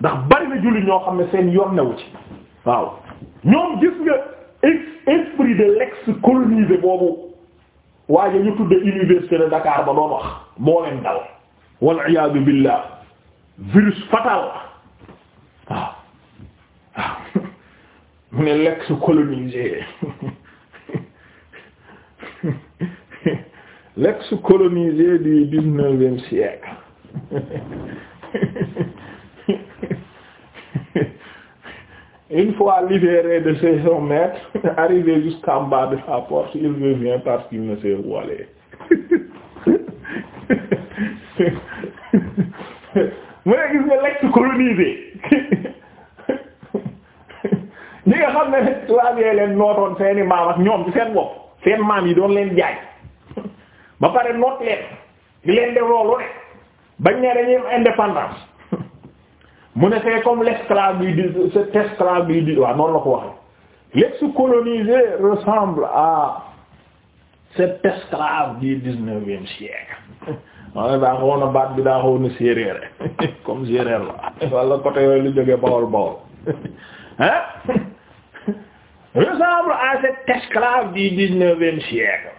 ndax bari na jullit ñoo xam ne seen yoon newu ci waaw ñoom gis nga ex esprit de l'ex-colonisé boobu waaye ñu tudde université de Dakar ba doon wax moo leen iyaadu billah virus fatal waaw waaw mu ne l'ex-colonisé l'ex-colonisé du dix-neuvième siècle une fois libéré de ses son maître arrivé jusqu'en bas de la porte il revient parce qu'il ne sait où aller mu ne gis nga lekk colonisé ñi nga xam ne tubaab yee leen nootoon seeni maam ak ñoom ci seen bopp seen maam yi doon leen jaay ba pare noot leen di leen def loolu rek bañ ne dañuy am indépendance mu ne c'est comme l'esclave bi di cet esclave bi di waaw noonu la ko waxee l'ex-colonisé ressemble à cet esclave du daa xawoon a baat bi daa xawoon a séeréer comme séeréer la wala côté yooyu lu jógee Bawol Bawol hein ressemble à cet esclave du dix-neuvième siècle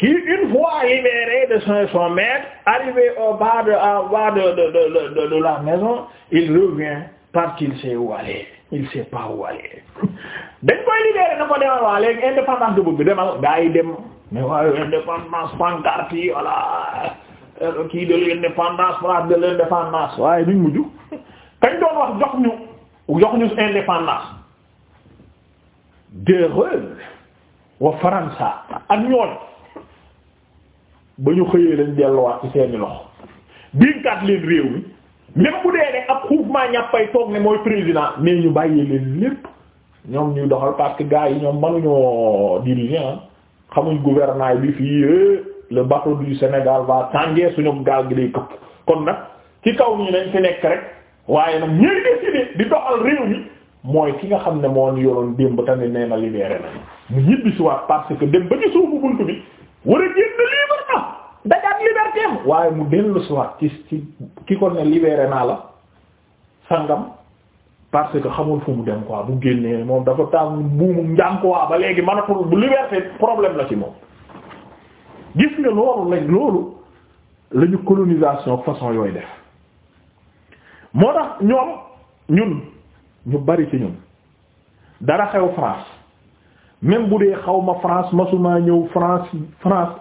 qui une fois libéré de son son maître arrivé au de en de de de de la maison il revient parce qu'il sait où aller il sait pas où aller dañ koy libéré na ko demal waa léegi indépendance de bëgg demal gaa yi dem mais waaye indépendance pancarte yi voilà euh, kii de l'indépendance place de l'indépendance waaye duñ mujj kañ doon wax jox ñu jox ñu indépendance de wa Faransa ak ñoon ba ñu xëyee dañ delluwaat ci seeni loxo dénkaat leen réew mi même bu dee ne ab xuufmaa ñàppay toog ne mooy président mais ñu bàyyee leen lépp ñoom ñuy doxal parce que gars yi ñoom mënuñoo diriger ah xamuñ gouvernail bi fii eh, le bateau du Sénégal va tanguer suñu gaal gi day këpp kon nag ci kaw ñu nañ fi nekk rek waaye nag ñuy décider di doxal réew mi mooy ki nga xam ne moo ñu yoroon démb tamit nee na libéré na ñibbi si waat parce que dem ba war a génn libre na liberté am waaye mu dellu soir ci ci ki ko ne libéré naa la sàngam parce que xamul fu mu dem quoi bu génnee moom dafa tàng buumu njàng quoi ba léegi man mënatul bu liberté problème la ci moom gis nga loolu lañ loolu lañu colonisation façon yooyu def moo tax ñoom ñun ñu bari ci ñun dara xew France même bu dee xaw ma France masuma ñëw France France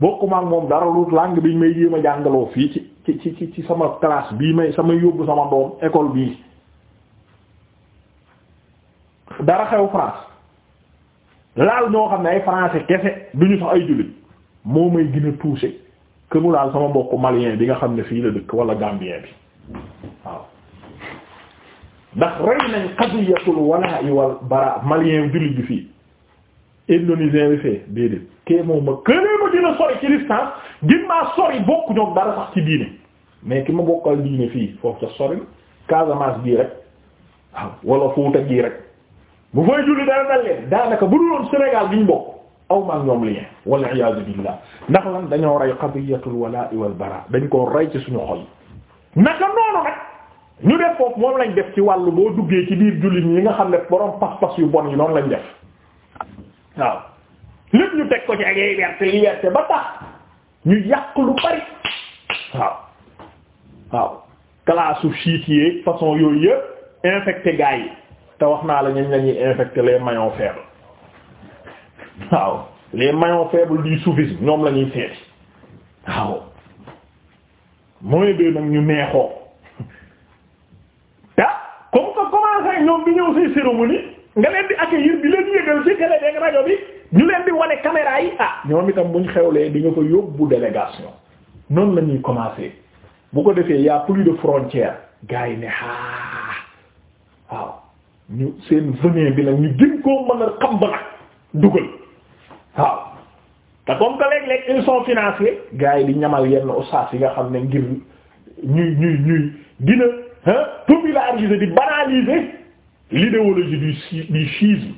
bokkuma ak moom dara lu langue bi ñu may jéem ma jàngaloo fii ci ci ci ci sama classe bii may sama yóbbu sama doom école bii dara xew France laal ñoo xam ne ay français kese duñu sax ay jullit moo may gën a touché que mu laal sama mbokku malien bi nga xam ne fii la dëkk wala gambien bi waaw ndax rey nañ qadiyatul walaa wal bara malien jullit bi fii indonésien bi fee déedéet kee ma kënee ma dina sori ci distance gin maa sori bokk ñoom dara sax ci diine mais ki ma bokkal diine fii foofu ca sori Casamance bii rek waaw wala Fuuta gii rek bu fay julli dara dal leen daanaka bu dul woon Sénégal bi ñu bokk aw ñoom ñoom lien walla iyaazu billaah ndax lan dañoo rey qadiyatul walaa wal baraa dañ koo rey ci suñu xol naka noonu nag ñu def foofu moom lañ def ci wàll boo duggee ci biir jullit ñi nga xam ne borom pas yu bon yi noonu def waaw lépp ñu teg ko ci ak liberté liberté ba tax ñu yàq lu bari waaw waaw classe chiite yeeg façon yooyu yëpp infecté gars te wax naa la ñañ lañuy infecté les maillons faibles waaw les maillons faibles du soufisme ñoom la ñuy seeti waaw mooy de nag ñu neexoo ta ah, comme que commencé ñoom bi ñëw ci cérémonie nga leen ak accueillir bi leen yëgal ci télé dégg rajo bi ñu leen di wane caméra yi ah ñoom itam buñ xewlee di nga ko yóbbu délégation noonu la ñuy commencer bu ko defee y'a plus de frontière gars yi ne aa ah, waaw ñu seen venin bi nag ñu gën koo mën a xam ba nag dugal waaw te comme que léeg-léeg ils sont financés gars yi di ñamal yenn ustaas yi nga xam ne ngir ñuy ñuy ñuy dina populariser di banaliser l'idéologie du du chiisme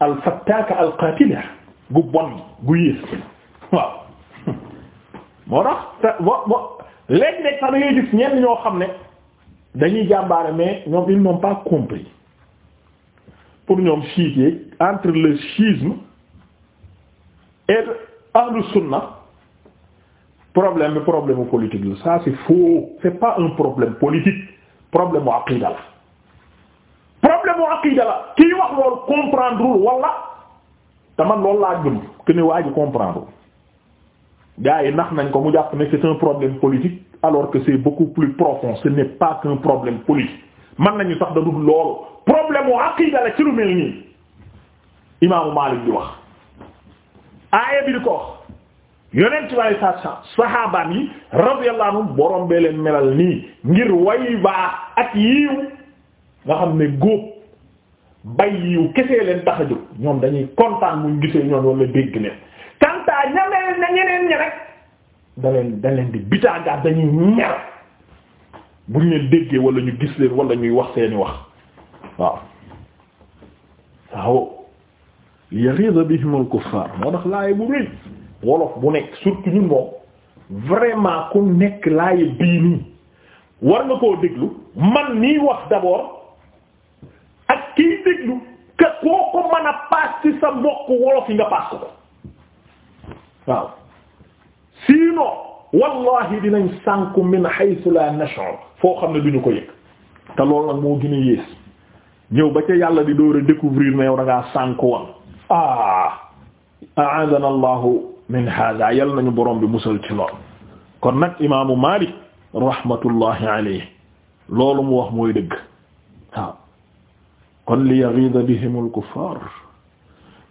al fattaaka al qaatila gu bon gu yées waaw moo tax bo bo léeg-léeg sax da ngay gis ñoo xam ne dañuy jàmbaare mais ñoom ils n'ont pas compris pour ñoom chiite yeeg entre le chiisme et ahlu sunna problème bi problème politique la ça c'est faux c'est pas un problème politique problème mu la problème mu aqida la kii wax loolu comprendre wala te man loolu laa gëm que ne waa ji comprendre yi nax nañ ko mu jàpp ne c'est un problème politique alors que c'est beaucoup plus profond ce n'est pas qu'un problème politique man nañu sax da dul loolu problème mu aqida la ci lu mel nii imaamu Maalik di wax aaya bi di ko wax yonent bi alei satu salam sahaabaan yi radiyallahu borom bee leen melal nii ngir way baax ak yiiw nga xam ne góob bay yiw kesee leen tax a ñoom dañuy kontaan muñ gisee ñoom wala dégg leen kantaa ñamee na ñeneen ñi rek di bitagaat dañuy ñer buñ leen déggee wala ñu gis leen wala ñuy wax seeni wax waaw waaw liyaghiza bihim al-kuffar moo tax laay bu rëy wolof bu nekk surtout ñun moom vraiment ku nekk laay bii nii war nga koo déglu man nii wax d'abord déglu que koo ko mën a paas ci sa mbokk wolof yi nga paas ko waaw sinon wallahi dinañ sànku min haythu la nash'ur foo xam ne duñu ko yëg te loolu nag moo gën a yées ñëw ba ca yàlla di door a découvrir na yow da ngaa sànku woon ah a'adana allahu min hada yal nañu borom bi musal ci lool kon nag imaamu Maalik rahmatullahi alayhi loolu mu wax mooy dëgg kon li yaghidha bihim al-kuffar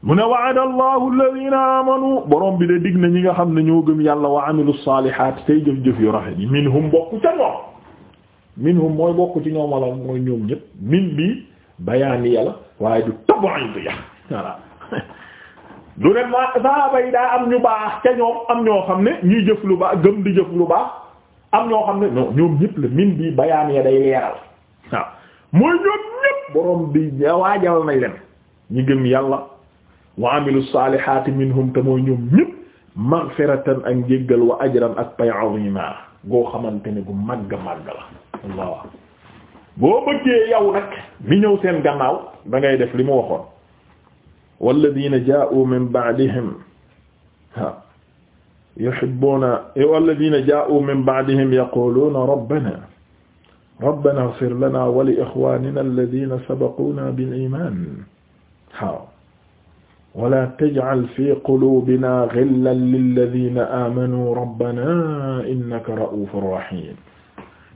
mu ne wa'ada allahu alladhina amanu borom bi de dig na ñi nga xam ne ñoo gëm yàlla wa amilu salihaati tey jëf-jëf yu rafet yi minhum bokk ca ñoom minhum mooy bokk ci ñoom wala mooy ñoom ñëpp min waaye du tab'idi ya voilà ma sahaba daa am ñu baax ca ñoom am ñoo xam ne ñuy jëf lu baax gëm di jëf lu baax am ñoo xam ne non ñoom ñëpp la min bi bayaani ya day leeral waaw mooy ñoom ñëpp borom bi waajal nañ leen ñu gëm yàlla wa amilu salihati minhum te mooy ñoom ñëpp maghfiratan ak njéggal wa ajran ak pay azima goo xamante ne gu màgg màgg la allah boo bëggee yow nag mi ñëw seen gannaaw da ngay def li mu waxoon walladina jaa'u min ba'dihim yuhibbuna walladina jaa'u min ba'dihim yaquluna rabbana rabbana ighfir lana wa li ikhwanina alladhina sabaquna bil iman waaw wala taj'al fi qulubina ghillan lilladhina amanu rabbana innaka ra'ufur rahim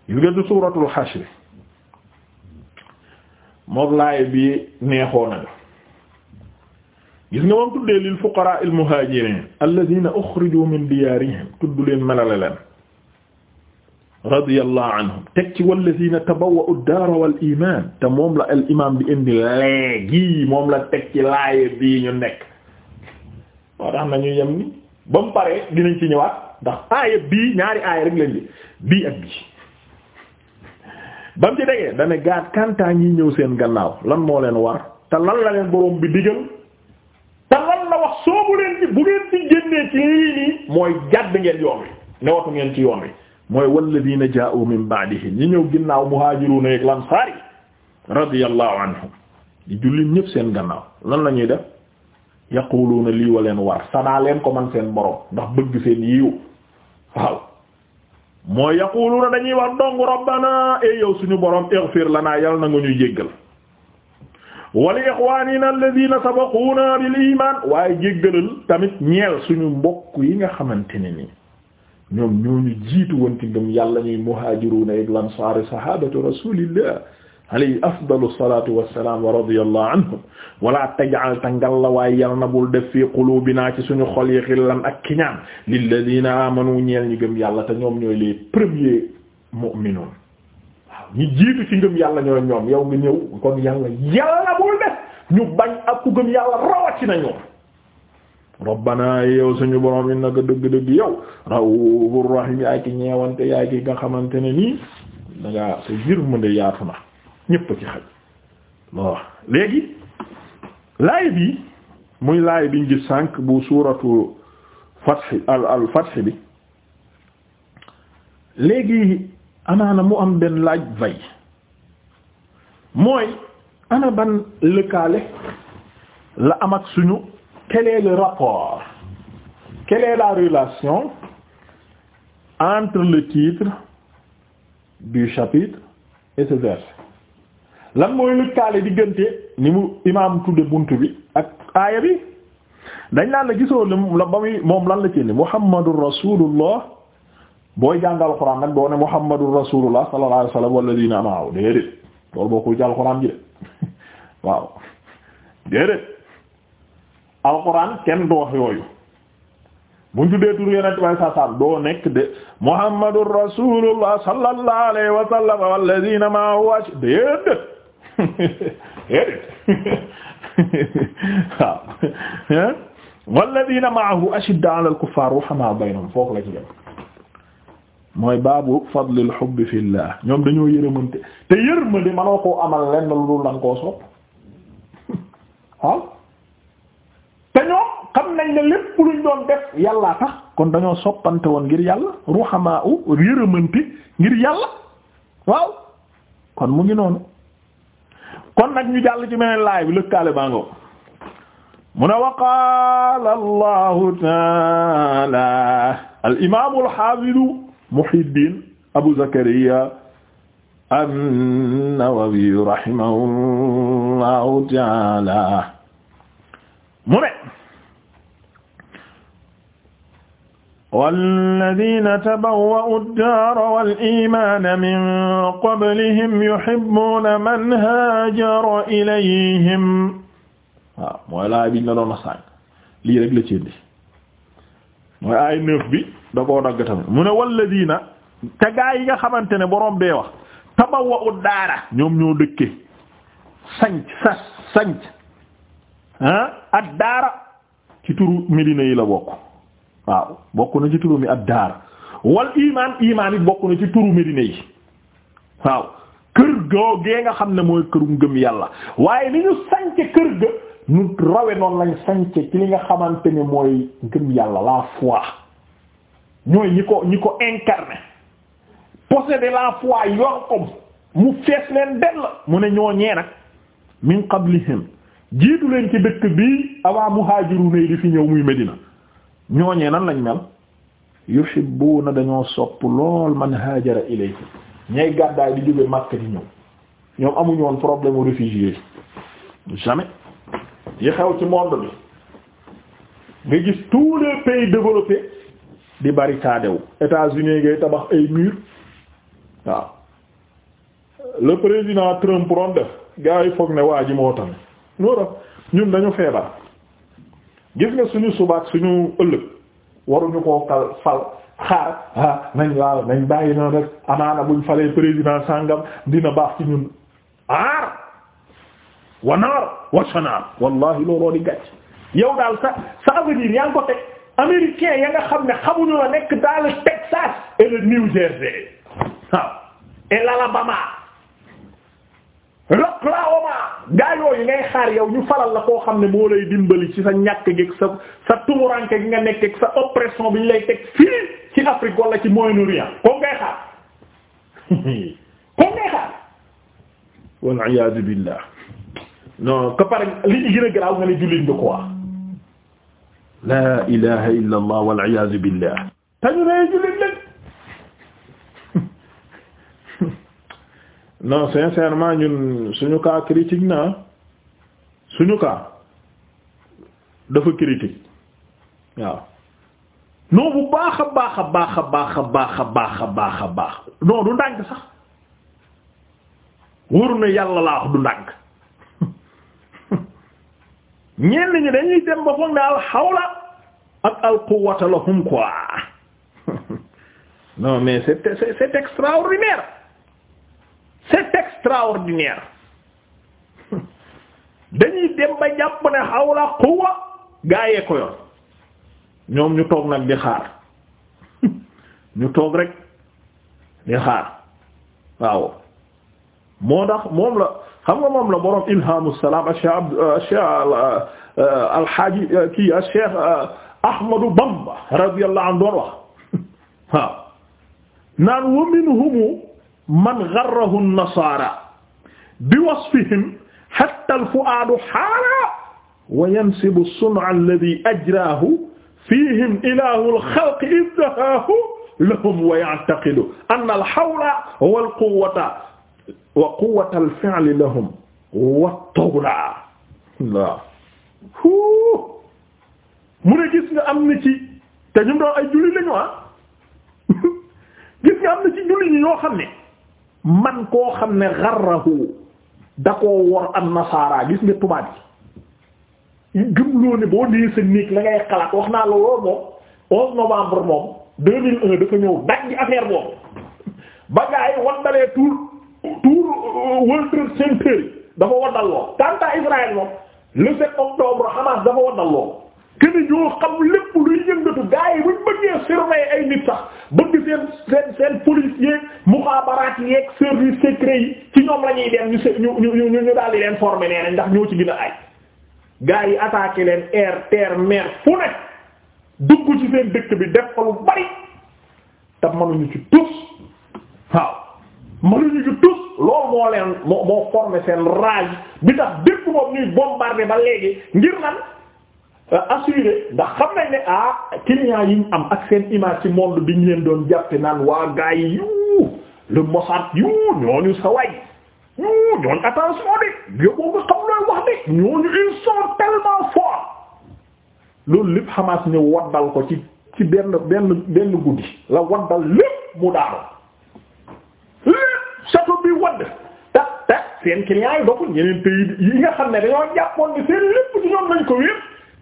gis nga du suratul hashr moom laay bi neexoo na gis nga moom tuddee lil fuqara al muhajirin alladhina ukhriju min diyarihim tudd leen mala leen radiyallahu anhum teg ci wallazina tabawwa'u ad-daara wal iman te moom la al imaam bi indi léegi moom la teg ci laaye bii ñu nekk waaw tax nañu yem ni ba mu paree dinañ ci ñëwaat ndax aaya bii ñaari aaya rek leen di bii ak bii ba mu ci degee dana gaat kantaa ñi ñëw seen gannaaw lan moo leen war te lan la leen boroom bi digal te lan la wax soobu leen ci bu ngeen ci génnee ci lii nii mooy jàdd ngeen yoon wi newatu ngeen ci yoon wi mooy walladina jaa'u min ba'dihim ñi ñëw ginnaaw muhaajiruuna ak lansaari radiyallahu anhum di jullit ñëpp seen gannaaw lan la ñuy def yaquluuna lii wa leen war sanaa leen ko man seen borom ndax bëgg seen yiiw waaw mooy yaquluuna dañuy wax dong rabbana e yow suñu borom ighfir lanaa yal na nga ñuy jéggal wali ixwanina alladina sabaquuna bil iman waaye jéggalal tamit ñeel suñu mbokk yi nga xamante ni nii ñoom ñooñu jiitu woon ci ngëm yàlla ñuy muhaajiruuna ak lansaari sahabatu rasulillah alayhi afdalu salatu wassalam wa radiyallahu anhum wala taj'al tangal la waaye na bul def fii qulubina ci suñu xol yi xillan ak kiñaan lilladina amanu ñeel ñu gëm yàlla te ñoom ñooy les premiers ñu jiitu ci ngëm yàlla ñooy ñoom yow nga ñëw kon yàlla yàlla bul def ñu rabbana yow suñu borom innaka dëgg-dëgg yow raufur rahim yaay ki ñeewante yaay ki nga xamante ni nii da ngaa sa yërmande yaatu na ñëpp ci xaj bon léegi laay bi muy laay biñ gis sànq bu suuratu fathi al al bi léegi amaana mu am benn laaj vay mooy ana ban lëkkaale la am ak suñu. quel est le rapport quelle la relation entre le titre du chapitre et lan mooy lëkkaale diggante ni mu imaam tudde bunt bi ak aaya bi dañ laan la gisoo la ba muy lan la ci ni muhammadu rasulullah booy jàngal alxuraan nag doo ne rasulullah sallallahu alayhi wasallam walladina amaaw déedéet loolu boo koy jàll ji de waaw déedéet alquran kenn du wax yooyu buñ tuddee tur yonent bay saa saam doo nekk de muhammadur rasulullah sallallahu alayhi wa sallam walladina ma'ahu déedéet déedéet waaw walladina ma'ahu ashidda ala al-kuffar ruhamaa baynahum foofu la ci dem mooy baabu fadlil hubbi fillah ñoom dañoo yërëmante te yërmande manoo koo amal lenn lu dul lan koo sopp waaw xam nañ ne def yàllaa tax kon dañoo soppante woon ngir yàlla ruhamaa u yërëmante ngir yàlla waaw kon mu ngi noonu kon nag ñu jàll ci meneen laay bi lëkkaale baa ngoo wa qaala allahu taala al imaamu al والذين تبوأوا الدار والإيمان من قبلهم يحبون من هاجر إليهم waaw mooy laay biñ la doon sànq lii rek la ci indi mooy ay neuf bi da koo dagg tamit mu ne walladina te gaa yi nga xamante ne boroom bee wax tabawwa'u daara ñoom ñoo dëkke sanc sas sanc ah ak daara ci turu Medina yi la bokk waaw bokk na ci turu mi ab daar wal imaan imaan it bokk na ci turu Medina yi waaw kër googee nga xam ne mooy kërum gëm yàlla waaye li ñu sànce kër ga ñu rawe noonu lañ sànce ci li nga xamante ni mooy gëm yàlla la foi ñooy ñi ko ñi ko incarné posséder la foi yor mu fees leen dell mu ne ñoo ñee nag min qablihim jiitu leen ci dëkk bii avant muhaajiru nay di fi ñëw muy Medina ñooñee nan lañ mel na dañoo sopp lool man haajara ilayhi ñay gàddaay di jóge Makka di ñëw ñoom amuñu woon problème u jamais yi xew ci monde bi nga gis tous les pays développés di barricade wu États-Unis ngay tabax ay mur waaw le président Trump ron def gars yi foog ne waa ji moo tamit ñoo tax ñun dañu feebar gis nga suñu subaak suñu ëllëg waruñu koo kal fal xaar ah nañ waaw nañ bàyyi noonu amaana buñ falee président sàngam dina baax ci ñun aar wa naar wa sanaar wallahi looloo di gàcc yow daal sa sa avenir yaa ngi ko teg américain ya nga xam ne la nekk dans Texas et New Jersey waaw et loq laa omaa gaa yooyu ngay xaar yow ñu falal la koo xam ne moo lay dimbali ci sa ñàkk gi sa sa tumuranke gi nga nekk ak sa oppression bi ñu lay teg fii ci Afrique wala ci Moyen-Orient ko ngay xaar ko ngay xaar wal iyaadu billah non que pare li gën a garaaw nga ne jullit la ilaha illa allah wal iyaadu billah tañu ne jullit lañ non sincèrement ñun suñu cas critique naa suñu cas dafa critique waaw non bu baax a baax a baax a baax a baax a baax a baax a baax non du ndànk sax wóor na yàlla laa du ndànk ñenn ñi dañuy dem ba foog ne al hawla ak al quwwata lahum quoi non mais c'est c'est extraordinaire c'est extraordinaire dañuy dem ba jàpp ne xawla quwa ñoom ñu toog nag di xaar ñu toog rekk di xaar waaw moo dax moom la xam nga moom la borom ilhamu salaam a cheikh a cheikh alhaaji kii a cheikh ahmadu bamba radiyallahu anhu doon wax waaw naan wa minhumu man gharrahu an-nasara bi wasfihim hatta al-fu'adu hara wa yansibu as-sun'a alladhi ajrahu fihim ilahu al-khalqi ibdahahu lahum wa ya'taqidu anna al-hawla wal quwwata wa quwwata al-fi'li lahum wat-tawla waaw mu ne gis nga am na ci te ñun doon ay julli lañu ah gis nga am na ci julli ñi ñoo xam ne man koo xam ne xarrahu da koo wor am nasaara gis nga tubaab yi gëmloo ne boo dee sa néeg la ngay xalaat wax naa la loolu moom onze novembre moom deux mille un dafa ñëw daj affaire boobu ba gaa yi wandalee tour tour euh, World Trade Center dafa waddal lool tanta Israël moom le sept octobre Hamas dafa waddal lool kenn ñoo xam lépp luy yëngatu gaa yi buñ bëggee surveiller ay nit sax seen seen seen police yeeg muxaabaraat yeeg service secret yi ci ñoom la ñuy dem ñu ñu ñu ñu ñu daal di leen former nee nañ ndax ñoo ci gën a ay gars yi attaqué leen air terre mer fu ne dugg ci seen dëkk bi def ko lu bari te mënuñu ci tus waaw mënuñu ci tus loolu moo leen moo moo former seen rage bi tax dëkk boobu ñuy bombarder ba léegi ngir nan. assuré ndax xam nañ ne ah clients yi ñu am ak seen image ci monde bi ñu leen doon jàppe naan waa gaa yi yu le Mossad yu ñooñu sa way yu ñooñu attention de yow boo nga xam looy wax de ñooñu ils sont tellement loolu lépp Hamas ñu waddal ko ci ci benn benn benn guddi la waddal lépp mu daanu lépp château bi wadd ta ta seen clients yi doxul ñeneen pays yi nga xam ne dañoo jàppoon ne seen lépp ci ñoom lañ ko wér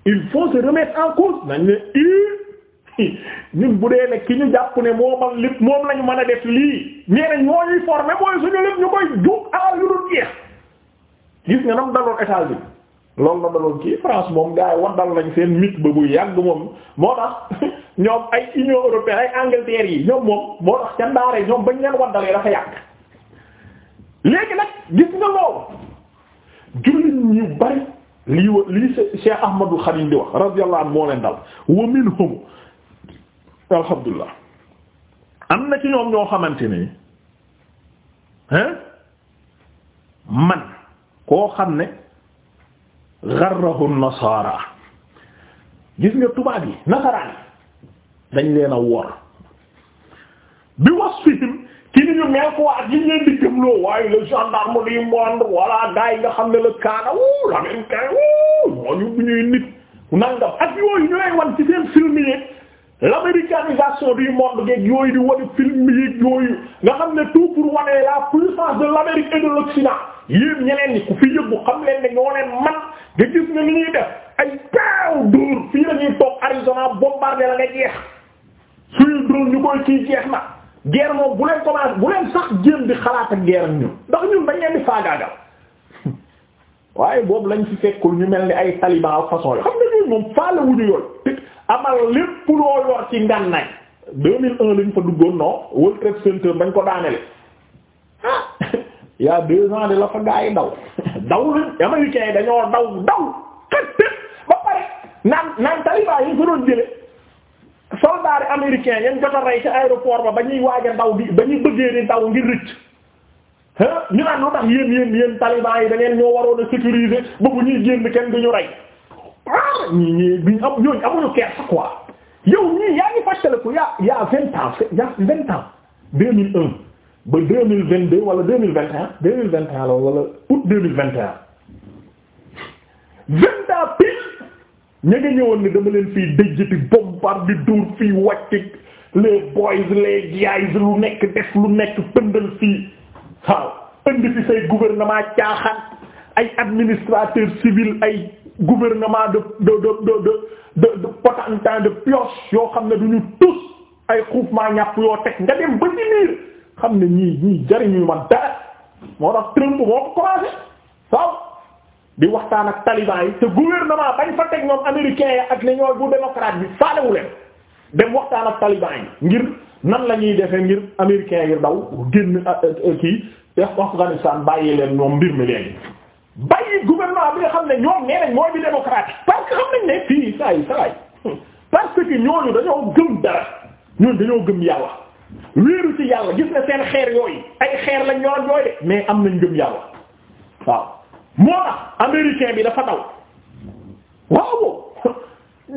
il faut se remettre en cause nañ ne i ñun bu dee ne ki ñu jàpp ne moo man lépp moom lañu mën a def lii ñeneen ñooñuy formé mooy suñu lépp ñu koy du alal yu dul jeex gis nga nam daloon état bi loolu na daloon kii France moom gars yi wax dal lañ seen mythe ba bu yàgg moom moo tax ñoom ay Union européenne ay Angleterre yi ñoom moom moo tax ca ndaare ñoom bañ leen waddalee dafa yàgg léegi nag gis nga loolu jullit ñu bari lii wa lii Cheikh Ahmadul Xadim di wax radiyallahu anhu moo leen dal wa minhum alhamdulillah am na ci ñoom ñoo xamante ne hein man koo xam ne garrahu nasaara gis nga tubaab yi nasaraan dañ leen a wor bi wasfihim ci ni ñu mel ko ak yi leen di jubloo waaye le gendarme du monde voilà gars yi nga xam ne la kaana wu la même kaay wu ñooñu bu ñuy nit nangam ak yooyu ñooy wan ci seen film yi l'américanisation du monde geeg di wane film yi yooyu nga xam ne tout pour wane la puissance de l'Amérique et de l'Occident yéen ñeneen ñi ku fi yëggu xam leen ne ñoo leen man nga gis ne ni ñuy def ay peew dóor fii la toog Arizona bombardé la nga jeex suñu drone ñu koy kii jeex na guerre bu leen commencé bu leen sax jéem di xalaat ak guerre ñun ndax ñun dañ leen faagaagal waaye boobu lañ fi fekkul ñu mel ni ay taliban ak façon yo xam ne ñun moom faale wuñu yooyu amal lépp loo yor ci ngànnaay 2001 lañ fa duggoon non World Trade Center ko daanele ah y a deux ans de la fa gaa yi daw daw lañ yi dañoo daw daw ba pare naan naan taliban yi ñu fa doon jële soldats yi américains yan jot a rey ba ba ñuy waaj a bi ba ñuy bëggee di daw ngir rëcc ah ñu naan lu tax yéen yéen yéen taliban yi da ngeen ñoo waroon a sécuriser ba bu ñuy génn kenn du ñu rey ah ñii ñii duñ am ñooñu amuñu kersa quoi a ñii yaa ngi fàttaliku yaa yaa vingt ans yaa vingt ans deux mille un ba deux mille vingt deux wala deux mille vingt un deux mille wala août deux mille vingt un vingt ña nga ñëwoon ne dama leen fii déjjati bombardé di dóor fii wàcc les boys les guys lu nekk def lu nekk pëndal fii waaw indi fi say gouvernement caaxaan ay administrateur civil ay gouvernement de de de de de de potentat yoo xam ne duñu tous ay groupement ñàpp yoo teg nga dem ba niir xam ne ñii ñii jariñu man dara moo tax Trump moo ko di waxtaan ak taliban yi te gouvernement bañ fa teg ñoom américains yi ak ne ñooy bu démocrate bi faalewu leen dem waxtaan ak taliban yi ngir nan la ñuy defee ngir américains yi daw génn euh, euh, kii Afghanistan bàyyi leen moom mbir mi léegi bàyyi gouvernement bi xam ne ñoom nee nañ mooy bi démocrate parce que xam nañ ne fii saa yi saa yi parce que ñooñu dañoo gëm dara ñooñu dañoo gëm yàlla wéeru ci yàlla gis na seen xeer yooyu ay xeer lañ ñoo yooyu mais am nañ gëm yàlla moo tax américain bi dafa daw waaw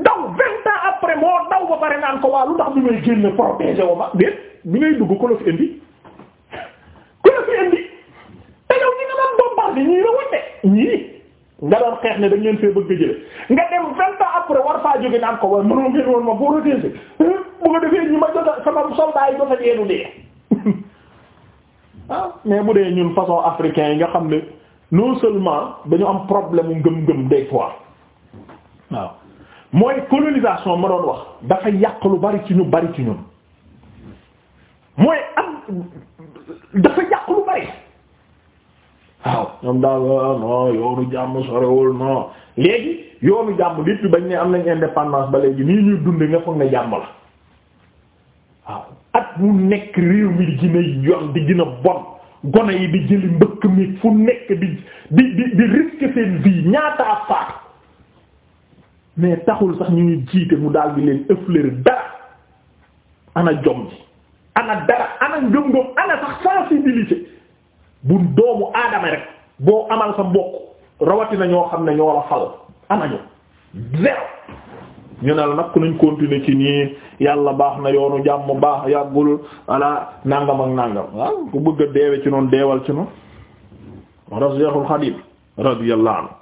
daw vingt ans après moo daw ba pare naan ko waa lu tax bi may génn protéger wu ma déet bi ngay dugg ko la fi indi ko la fi indi te yow ñi nga doon bombarder ñii la wute ñii nga doon xeex ne dañ leen fee bëgg a jële nga dem vingt ans après war faa jóge naan ko waa mënoo ngeen woon ma protéger bu nga defee ñi ma jota sama soldat yi jota yeenu dee ah mais bu dee ñun façon africain yi nga xam ne non seulement dañu am problème ngëm-ngëm des fois waaw mooy colonisation ma doon wax dafa yàq lu bari ci ñu bari ci ñun mooy am dafa yàq lu bari waaw ñoom daal ah, non yoonu jàmm sorewul non léegi yoonu jàmm lépp bañ ne am nañ indépendance ba léegi nii ñuy dunde nga foog na jàmm la waaw at mu nekk réew mi di gën a di gën bon gone yi di jëli mbëkk mi fu nekk di di di di risque seen vie ñaataa faat mais taxul sax ñu ngi jiite mu daal di leen effleurer dara ana jom ji ana dara ana ngëm ana sax sensibilité bu doomu aadama rek boo amal sa mbokk rawatina ñoo xam ne ñoo la fal ana ñu zéro ñu ne la nag ku nañ continuer ci nii yàlla baax na yoonu jàmm baax yàggul voilà nangam ak nangam waaw ku bëgg a deewe ci noonu deewal ci noonu rasexul xadim radiyallahu anhu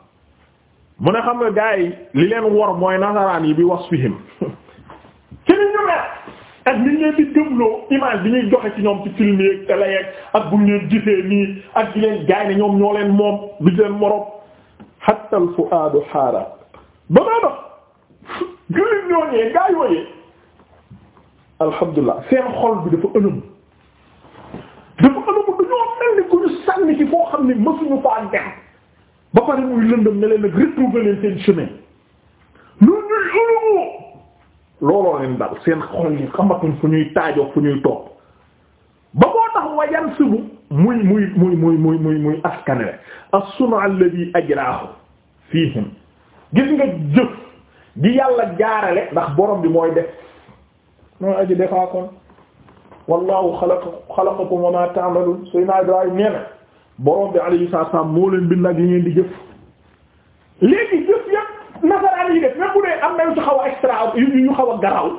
mu ne xam nga gaa yi li leen wor mooy nasaraan yi bi wasfihim ci ni ñu mel ak li leen di bi ñuy joxe ci ak bu ñu leen nii ak di leen gaay ne ñoom ñoo leen moom bi leen moroom hatta al fuaadu haara ba maa jullit ñooñee gaa yooyee seen xol bi dafa ëlëm dafa ëlëm dañoo mel ni ku ñu sànni ci foo xam ne mësuñu faa dem ba pare muy lëndëm ne leen nag retrouver leen seen chemin ñun ñuy ëlëmoo looloo leen dal seen xol yi xamatuñ fu ñuy taajoo fu ñuy toog ba moo tax wajan muy muy muy muy muy muy muy askanere as ajraahu fiihim gis nga jëf di yàlla jaarale ndax boroom bi mooy def mooy aji defaa kon wallahu xalaqa xalaqakum wa ma ta'malun sayna Ibrahim nee na bi alayhi salaam moo leen bind ak yi ngeen di jëf léegi jëf yëpp nasaraan yi def même dee am na yu ci xaw a extra yu ñu xaw a garaw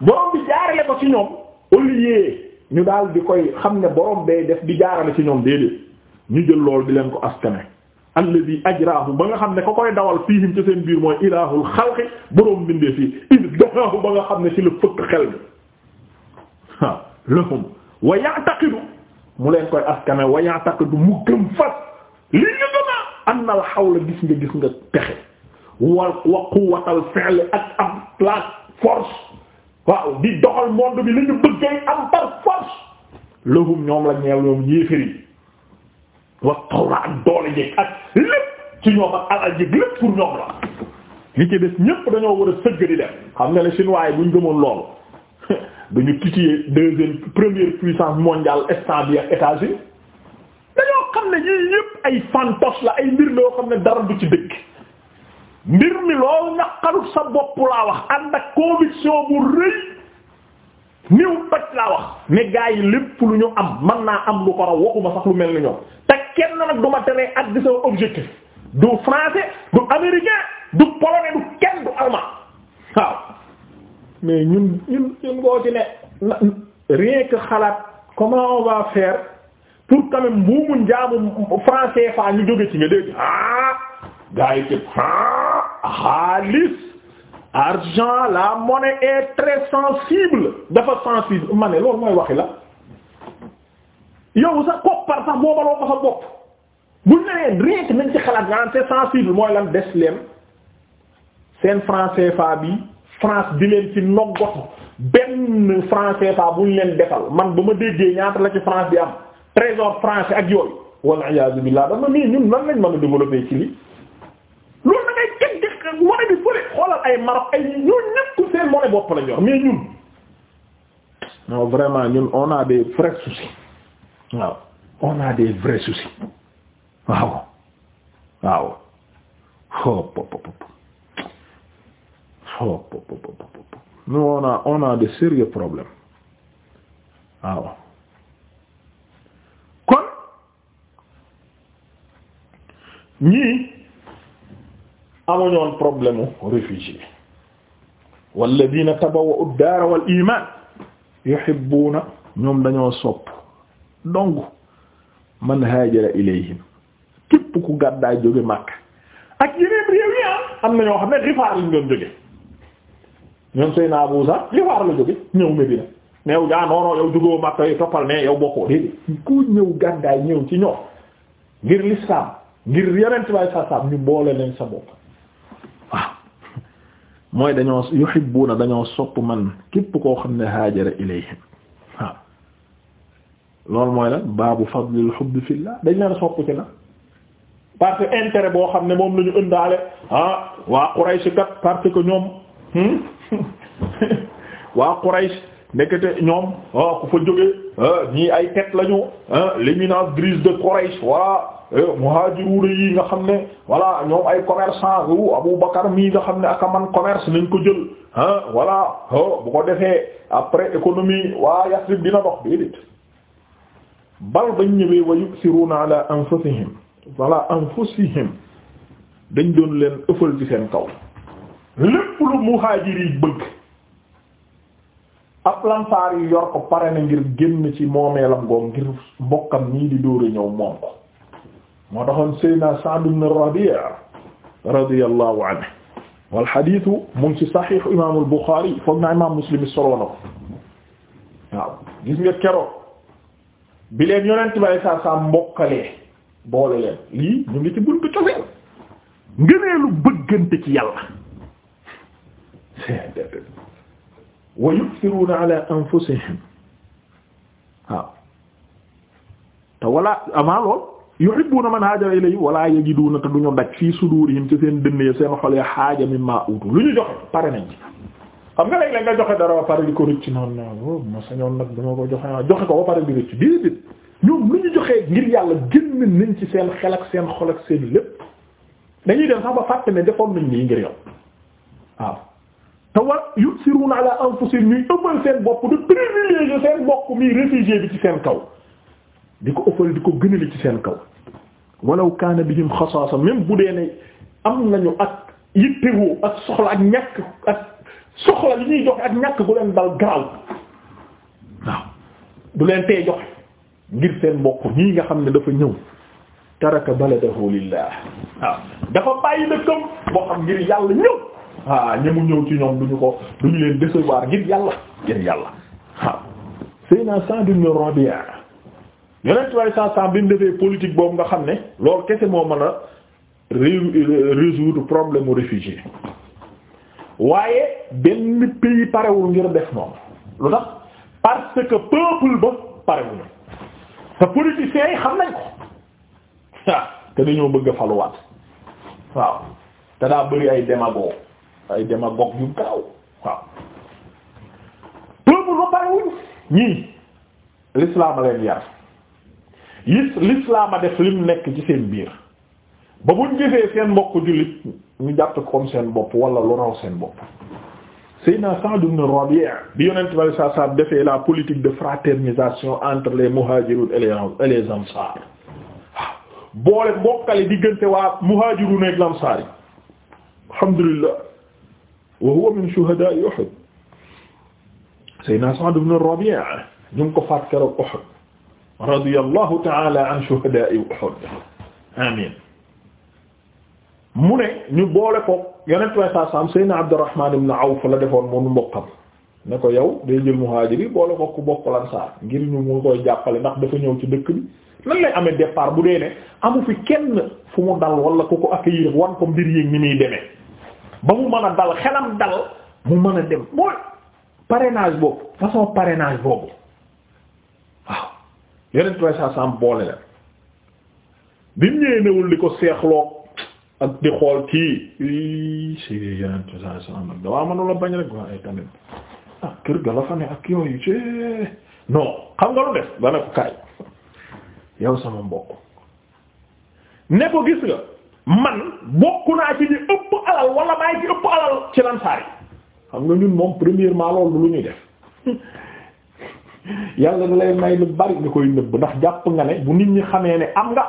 borom bi jaarale ko ci ñoom au ñu daal di koy xam ne boroom day def di jaarale ci ñoom déedéet ñu jël loolu di leen ko askane alladi ajraahu ba nga xam ne ko koy dawal fiihim ci seen biir mooy ilaahul xalqi boroom bindee fii id daahu ba nga xam ne ci lu fëkk xel bi waaw lahum wa ya'taqidu mu leen koy askane wa ya'taqidu mu gëm fas li nga gëma an al gis nga gis nga pexe wa wa quwwatal fi'l ak am la waaw di doxal monde bi li ñu bëggee am par force lahum ñoom la ñeel ñoom yéeféri wax tawra ak doole jeeg ak lépp ci ñoom ak alal jeeg lépp pour ñoom la li ci des ñépp dañoo war a sëgg di def xam nga ne chinois buñ bu ñu gëmoon loolu dañu titiller deuxième première puissance mondiale instant ak États-Unis dañoo xam ne yii yépp ay fantoche la ay mbir la xam ne dara du ci dëkk mi loolu naqarut sa bopp laa wax ànd ak conviction bu rëy niw paj laa wax ne gaa yi lépp lu ñu am man naa am lu ko raw waxuma sax lu mel ni ñoom te kenn nag du ma teree ak di sa objectif du français du américain du polonais du kenn du allemand waaw mais ñun ñun ñun ngoo ci ne rien que xalaat comment on va faire pour quand même mbuumu njaamu français faa ñu jóge ci nga dégg ah gaa yi cëb ah xaalis argent la monnaie est très sensible dafa sensible ma ne loolu mooy waxi la yow sa koppar sax boobaloo ko sa bopp bu neneen rien que nañ ci xalaat nga naan c'est sensible mooy lan des leen seen franc fa bi France di leen ci noggotu benn franc CFA buñ leen defal man bu ma déggee ñaata la ci France bi am trésor français ak yooyu wal iyaazu billaah ma nii ñun nan lañ mën a développer ci li xoolal ay Maroc ay ñun ñëpp ku seen monnaie bopp la ñor mais ñun non vraiment ñun on a des vrais soucis waaw on a des vrais soucis waaw waaw hop hop hop hop de sérieux problèmes waaw kon ñii amuñoon problème mu réfugié walladina tabawwa'u ad-daara wal iman yuhibbuuna ñoom dañoo sopp donc man haajara ilayhim képp ku gàddaay jóge Makka ak yeneen réew ah, am na ñoo xam ne Rifaar lañ doon jóge ñoom Seyna Abu Zar Rifaar la jóge ñëw Medina neew daa noono yow jógoo Makka yi toppal ne yow bokkoo déedéet ku ñëw gàddaay ñëw ci ñoom ngir l'islam ngir yonent baay sa ñu boole leen sa mooy dañoo yuhibbuuna dañoo sopp man képp koo xam ne haajara ilayhim waaw loolu mooy lan baabu fadlil hubbi fillah dañ leen dañ ci la parce que intérêt boo xam ne moom lañu ñu ëndaale ah waa Quraysh kat parce que ñoom hmm? waa Quraysh nekkete ñoom ah ku fa jóge ah, ñii ay tête lañu ah, l'éminence grise de Quraish voilà eh, muhajiruna yi nga xam ne voilà ñoom ay commerçant wu Abu Bakar mii nga xam ne aka man commerce nañ ko jël ah voilà ah, bu ko defee après économie waa Yasrib dina dox déedéet bal bañ ñëwee wa yusiruna ala anfusihim voilà anfusihim dañ doon leen ëffal ci seen kaw lépp lu muhajir yi bëgg ab lansaar yi yor ko pare na ngir génn ci moomeelam goom ngir mbokkam ñii di dóora ñëw moom ko moo taxoon Seydina Sa'd ibn Rabi' radiyallahu anhu wal hadith mu ci sahih imam al-Bukhari foog naa imam Muslim solo ko waaw gis nga keroog bi leen yonent bay saa saa mbokkalee boole leen lii ñu ngi ci buntu cofeel ngëneelu bëggante ci yàlla wa yu'thiruna ala anfusihim waaw te wala avant lool yuhibbuna man haajara ilayhi wala yajiduna te duñu daj fii sudurihim ci seen dënn yi seen xol yi haaja mimma utu lu ñu joxe pare nañ ci xam nga léeg-léeg nga joxe dara ba pare di ko rëcc noonu non oh, ma sañoon nag dama ko joxe ah joxe ko ba pare di rëcc déedéet ñoom lu ñu joxee ngir yàlla génn nañ ci seen xel seen xol ak seen lépp dañuy dem sax ba fàtte ne defoon nañ lii ngir yow waaw. te wa yusiruna ala anfusihim ñuy ëppal seen bopp de privilégier seen mbokk mi réfugié bi ci seen kaw di ko ëppal di ko gënale ci seen kaw walaw bi bihim xasaasa même bu dee ne am nañu ak yittewoo ak soxla ak ñàkk ak soxla li ñuy joxe ak ñàkk gu leen dal garaw waaw du leen tee joxe ngir seen mbokk ñii nga xam ne dafa ñëw taraka baladahu lillah waaw dafa bàyyi dëkkam boo xam ngir yàlla ñëw ah ña mu ñëw ci ñoom duñu ko duñu leen décevoir ngir yàlla ngir yàlla waaw. Seyna Sa'd ibn Rabi'a yonent waaye saa saa bi mu defee politique boobu nga xam ne loolu kese moo mën a résoudre problème mu réfugié waaye benn pays parewul ngir def noonu lu tax parce que peuple ba parewuñu te politiciens yi xam nañ ko te dañoo bëgg faluwaat waaw te daa bëri ay démagogues ay dema gog yu gaaw waaw peuple ba pare ñii l'islam a leen yar lis l'islam def lim nekk ci seen biir ba buñ gisee seen mbokk jullit ñu jàpp comme seen bopp wala lu raw seen bopp Seydina Sa'd ibn Rabi' bi yonent bi saa saa defee la politique de fraternisation entre les muhajirun et les ansar boole mbokkale diggante waa muhajirun ak yi alhamdulillah wa huwa min shuhadaa'i Uhud Seydina Sa'd ibn Rabi' ñu ngi ko faat keroog Uhud radiyallahu ta'ala an shuhadaa'i Uhud amiin mu ne ñu boole ko yonent way saa saam Seydina Abdurrahman ibn Awf la defoon moom mbokkam ne ko yow day jël muhaajir yi boole ko ku bokk Ansaar ngir ñu mu koy jàppale ndax dafa ñëw ci dëkk bi nan lay amee départ bu dee ne amu fi kenn fu mu dal wala ku ko accueillir wan ko mbir yéeg ni muy demee ba mu mën a dal xelam dal mu mën a dem mooy parrainage boobu façon parrainage boobu waaw yeneen trois cent cent boole la bi mu ñëwee newul di ko seexloo ak di xool kii si yeneen trois cent cent nag dawaa ah, ne ak yooyu ci non xam nga lu def ba ne ko kaay yow sama mbokk ne gis nga man bokk naa ci ñu ëpp alal wala maay ci ëpp alal ci lansaar yi xam nga ñun moom premièrement loolu lu ñuy def yàlla da lay may lu bari nga koy nëbb ndax jàpp nga ne bu nit ñi xamee ne am nga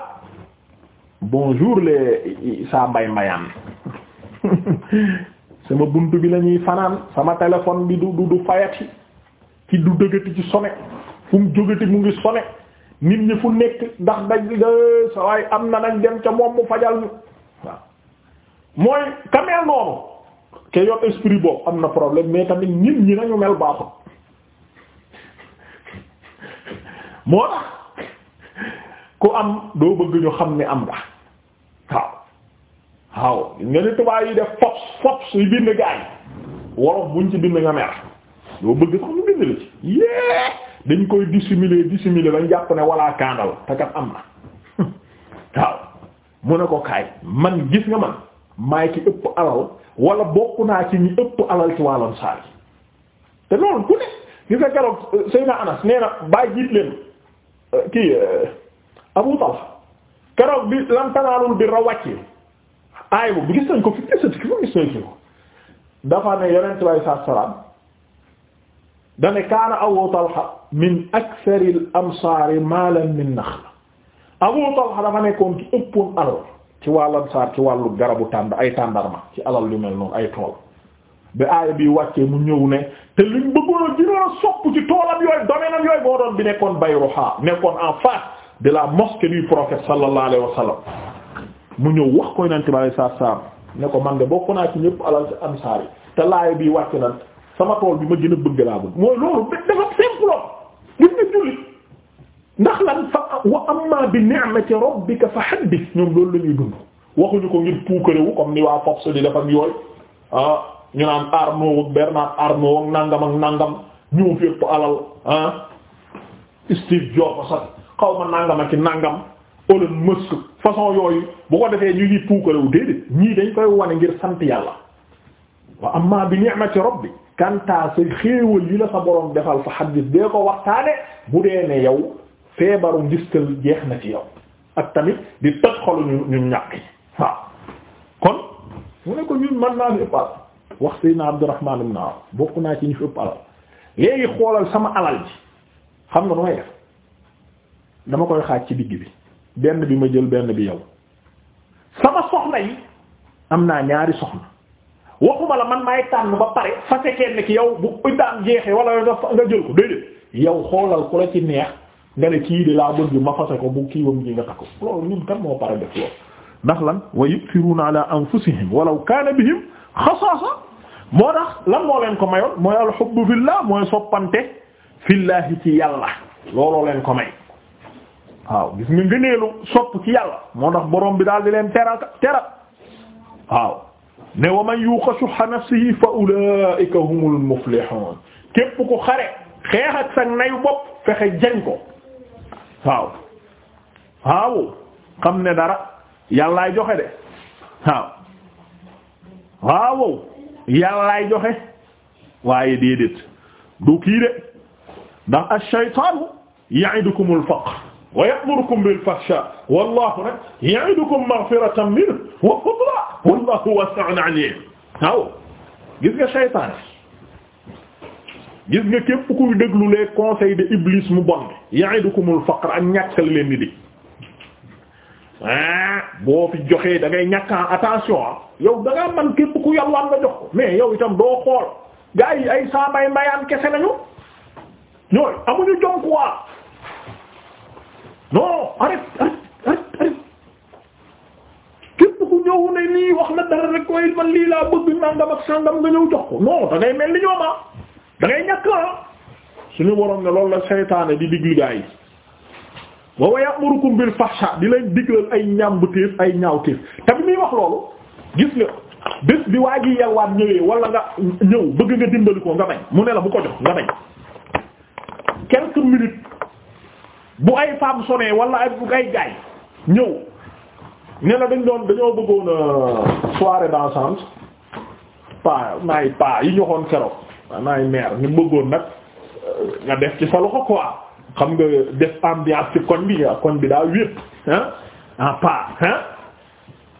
bonjour les saa mbay mbayaan sama buntu bi la ñuy fanaan sama téléphone bi du du du fayati ci du dëggati ci sone fu mu mu ngi sone nit ñi fu nekk ndax daj sa waay am na nañ dem ca moom mu fajal ñu waaw mooy kameel noonu ke yor esprit boobu am na problème mais tamit nit ñi nañu mel baaxut moo tax ku am doo bëgg ñu xam ne am nga waaw waaw nga ni tubaab yi def fops fops yu bind gaay wolof buñ ci bind nga mer doo bëgg sax ñu bind la ci yée dañ koy dissimuler dissimuler bañ jàpp ne walaa kaana la te kat am na waaw mu ne ko kaay man gis nga man maay ki ëpp alal wala bokk naa ci ñi ëpp alal ci wàllum saal te loolu ku ne gis nga keroog euh, Seydina Anas nee na jiit leen euh, kii euh, Abu keroog bi lan tanaalul bi rawàcce aay bu gis nañ ko fi gis nañ ko fi gis nañ ko dafa ne yonent bi sallallahu alayhi dane kaana abu talha min aksari l ansaari maalan min naxla abu talha dafa nekkoon ci ëppoon alal ci wàll ansaar ci wàllu garabu tànd ay tàndarma ci alal yu mel noonu ay tool ba aaya bi wàccee mu ñëw ne te liñ bëggoon a gënoon a ci toolam yooyu domaine yooyu boo doon bi nekkoon Bayruha nekkoon en face de la mosquée du prophète sallallahu alayhi mu ñëw wax koy nante bi alei saatu ne ko man de bokk naa ci ñëpp alal ci ansaar yi te laaya sama tool bi ma gën a bëgg laa bëgg mooy loolu dafa simple gis nga jullit ndax lan fa wa amma bi ni'mati rabbika fa haddith ñoom loolu la ñuy dund waxuñu ko ngir puukarewu comme ni waa Fox di defam yooyu ah, ñu naan Arnaud ak Bernard Arnault nangam ak nangam ñëw fépp alal ah Steve Jobs sax nangam ak nangam Elon Musk façon yooyu bu ko defee ñu ngi puukarewu déedéet ñii dañ koy wane ngir sant yàlla wa amma bi ni'mati rabbika kantaa sa xéewal yi la sa borom defal fa xaddis dee ko waxtaane bu dee ne yow feebaru ngistal jeex na ci yow ak tamit di toj xolu ñu ñu ñàkk waaw kon mu ne ko ñun mën naa fi ëpp alal wax Seydina Abdurrahman bokk naa ci ñu fi ëpp alal léegi xoolal sama alal ji xam nga nu def dama koy xaaj ci digg bi benn bi ma jël benn bi yow sama soxna yi am naa ñaari soxna waxuma la man maay tànn ba pare fase kenn ki yow bu iddaam jeexee wala nga nga jël ko déedéet yow xoolal ku la ci neex nga ne kii de laa bëgg ma fase ko bu kii wam ji nga takk loolu ñun kan moo pare def loolu ndax lan wa yu'thiruna ala anfusihim walaw kana bihim xasaasa moo tax lan moo leen ko mayoon mooy al hubbu fillah mooy soppante fillahi ci yàlla looloo leen ko may waaw gis nga ngëneelu sopp ci yàlla moo tax borom bi daal di leen teral teral ne wa man yuuqa shuhha nafsihi fa ulaa'ika humul muflihuun képp ku xare xeex ak sa nayu bopp fexe jañ ko waaw waaw xam ne dara yàllaay joxe de waaw waaw yàllaay joxe waaye déedéet du kii de ndax ash-shaytaanu ya'idukumul faqr wa ya'murukum bil fahsha wallahu nag ya'idukum maghfiratan minhu wa fadla wallahu wasi'un 'alim waaw gis nga shaytaan gis nga képp kuy déglu les conseils de Iblis mu bon ya'idukumul faqr ak ñàkk leen di di ah da ngay ñàkk attention ah. yow da ngaa man képp ku yàlla nga jox ko mais yow itam doo xool gaa ay saa may mayaan kese lañu ñooy amuñu jom quoi. non arrête arrête arrête arrête képp ku ñëw ne lii wax la dara rek koy man lii laa bëgg nangam ak sangam nga ñëw jox ko non da mel ni ñoom ah da ngay ñàkk ah suñu borom ne loolu la seytaane di diglu gaa yi wa wa ya'murukum bil fahsha di leen diglal ay ñàmbuteef ay ñaawteef te bi muy wax loolu gis nga bés bi waa ji yalwaat ñëwee wala nga ñëw bëgg nga dimbali nga bañ mu ne la bu ko jox nga bañ quelques minutes bu ay femme sonné wala ay bu ay gaay ñëw ne dañ doon dañoo bëggoon a soirée dansante pa naay pa yi ñu waxoon keroog naay maire ñu bëggoon nag euh, nga def ci sa ko quoi xam nga def ambiance ci koñ bi nga ah, koñ bi daal wépp ah en pa ah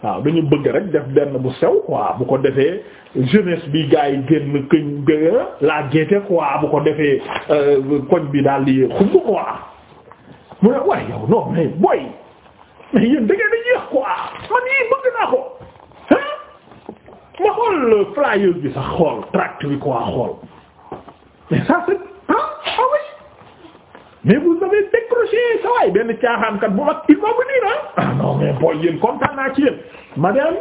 waaw dañu bëgg rek def benn bu sew quoi bu ko defee jeunesse bi gars yi génn këñ la géete quoi bu ko defee euh, koñ bi daal di xumb quoi mu ne waaye yow non boy mais yéen da ngeen di yéex quoi man yii bëgg naa ko ma xool flyer bi sax xool tract bi quoi xool mais ça c'est ah oui mais vous avez décroché sa waay benn caaxaankat bu mag il faut que nii ah ah non mais boy yéen kontaan naa ci yéen madame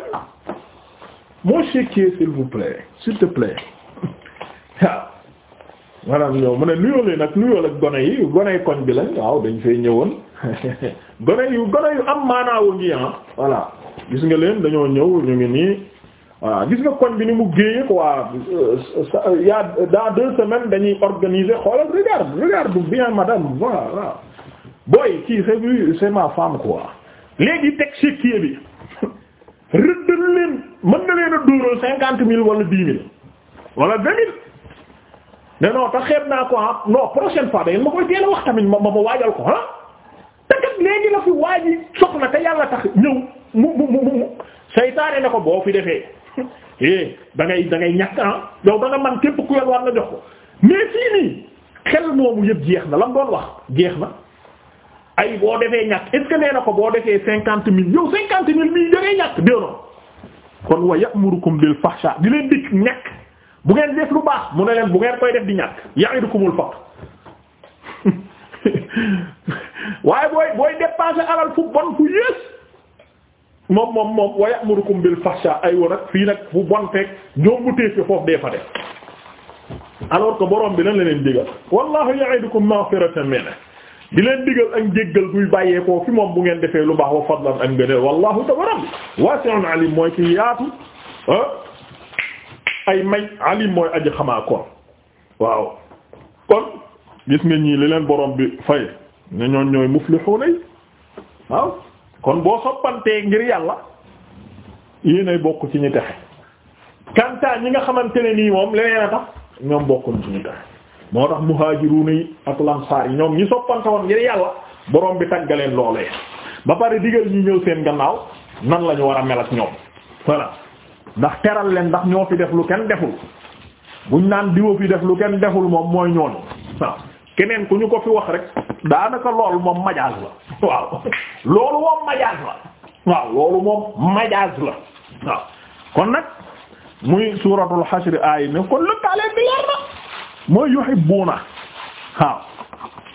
mon chéquier s'il vous plaît s'il te ah. maanaam yow mu ne nuyoo leen nag nuyoo ak gone yi gone yi koñ bi lañ waaw dañ fee ñëwoon gone yu gone yu am maanaawu ngi ah voilà gis nga leen dañoo ñëw ñu ngi nii voilà gis nga koñ bi ni mu géeye quoi y'a euh, euh, dans deux semaines dañuy organiser xoolal regarde regarde bien madame voilà boy kii c'est lui c'est ma femme quoi léegi teg chéquier bi rëddal leen mën na leen a dóoral cinquante mille walla dix mille wala ne non tax xeeb naa ko ah non prochaine da ma koy teel a wax tamit ma ma ma waajal ko ah te kat léegi la fi waaji soxna te yàlla tax ñëw mu mu mu mu saytaare na ko boo fi defee eh da ngay da ngay ñàkk ah yow da man képp ku yàlla war na jox ko mais fii nii xel moomu yëpp jeex na lam doon wax jeex na ay boo defee ñàkk est na ko boo defee cinquante mille yow cinquante mille mii da ñàkk dee noonu kon wa ya'murukum bil fahsha di leen dikk ñàkk. bu ngeen def lu baax mu ne leen bu ngeen koy def di ñàkk ya'idukumul faqr waaye booy booy dépenser alal fu bon fu yées moom moom moom wa ya'murukum bil fahsha ay woon ak fii nag fu bon fekk ñoom bu téef foofu dee fa def alors que borom bi lan la leen digal wallahu ya'idukum maghfiratan minhu di leen digal ak njéggal buy bàyyeekoo fi moom bu ngeen defee lu baax wa fadlan ak ngëneel wallahu tabaram wasi'un alim mooy ci yaatu ah, ay may alim mooy aji xamaa kon waaw kon gis nga ñii li leen borom bi fay ne ñoon ñooy muflixuuna yi waaw kon boo soppantee ngir yàlla yéenay bokk ci ñu texe kantaa ñi nga xamante ne nii moom leneen a tax ñoom bokkuñ ci ñu texe moo tax muhaajiruuna yi ak lansaar yi ñoom ñi soppante woon ngir yàlla borom bi taggaleen loolee ba pare digal ñi ñëw seen gannaaw nan la war a mel ak ñoom voilà ndax teral leen ndax ñoo fi def lu kenn deful buñ naan diwo fi def lu kenn deful moom mooy ñooñu waaw keneen ku ñu ko fi wax rek daanaka loolu moom majaas la waaw loolu moom majaas la waaw kon nag muy suuratul xasri aay ne kon lëkkaaleen bi leer na mooy yuhibbuuna waaw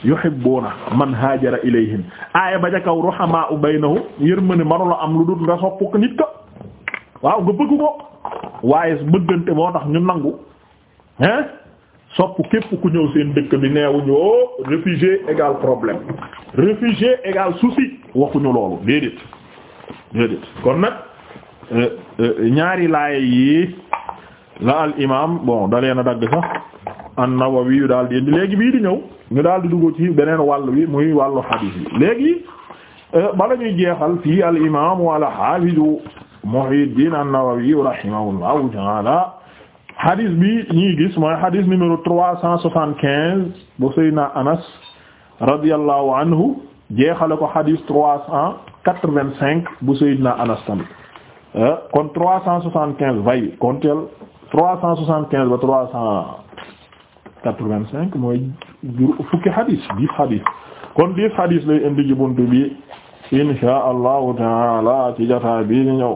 yuhibbuuna man haajara ilayhim aaya ba ca kaw ruhamaa baynahum yërmande manula am lu dul nga sopp nit ka waaw nga bëgg ko waaye bëggante moo tax ñu nangu hein sopp képp ku ñëw seen dëkk bi neewuñu oh égal problème réfugié égal souci waxuñu loolu déedéet déedéet kon nag euh, euh, ñaari laay yi la al imam bon da leen a dagg sax an-Nawawi yu daal di indi léegi bii di ñëw ñu daal di dugg ci beneen wàll wi muy wàllu xadiis yi léegi euh, bala ñuy jeexal fii al imam wala xaafidu Muhyiddin An-Nawawi rahimahullahu ta'ala hadis bi ñuy gis mooy hadis numéro trois cent soixante quinze bu Seydina Anas radiyallahu anhu jeexale ko hadis trois cent quatre vingt cinq bu Seydina Anas tamit euh, kon trois cent soixante quinze vay kon teel trois cent soixante quinze ba trois cent quatre vingt cinq mooy fukki hadis dix hadis kon dix hadis lay indi buntu bi insha allahu taala ci jataa bii di ñëw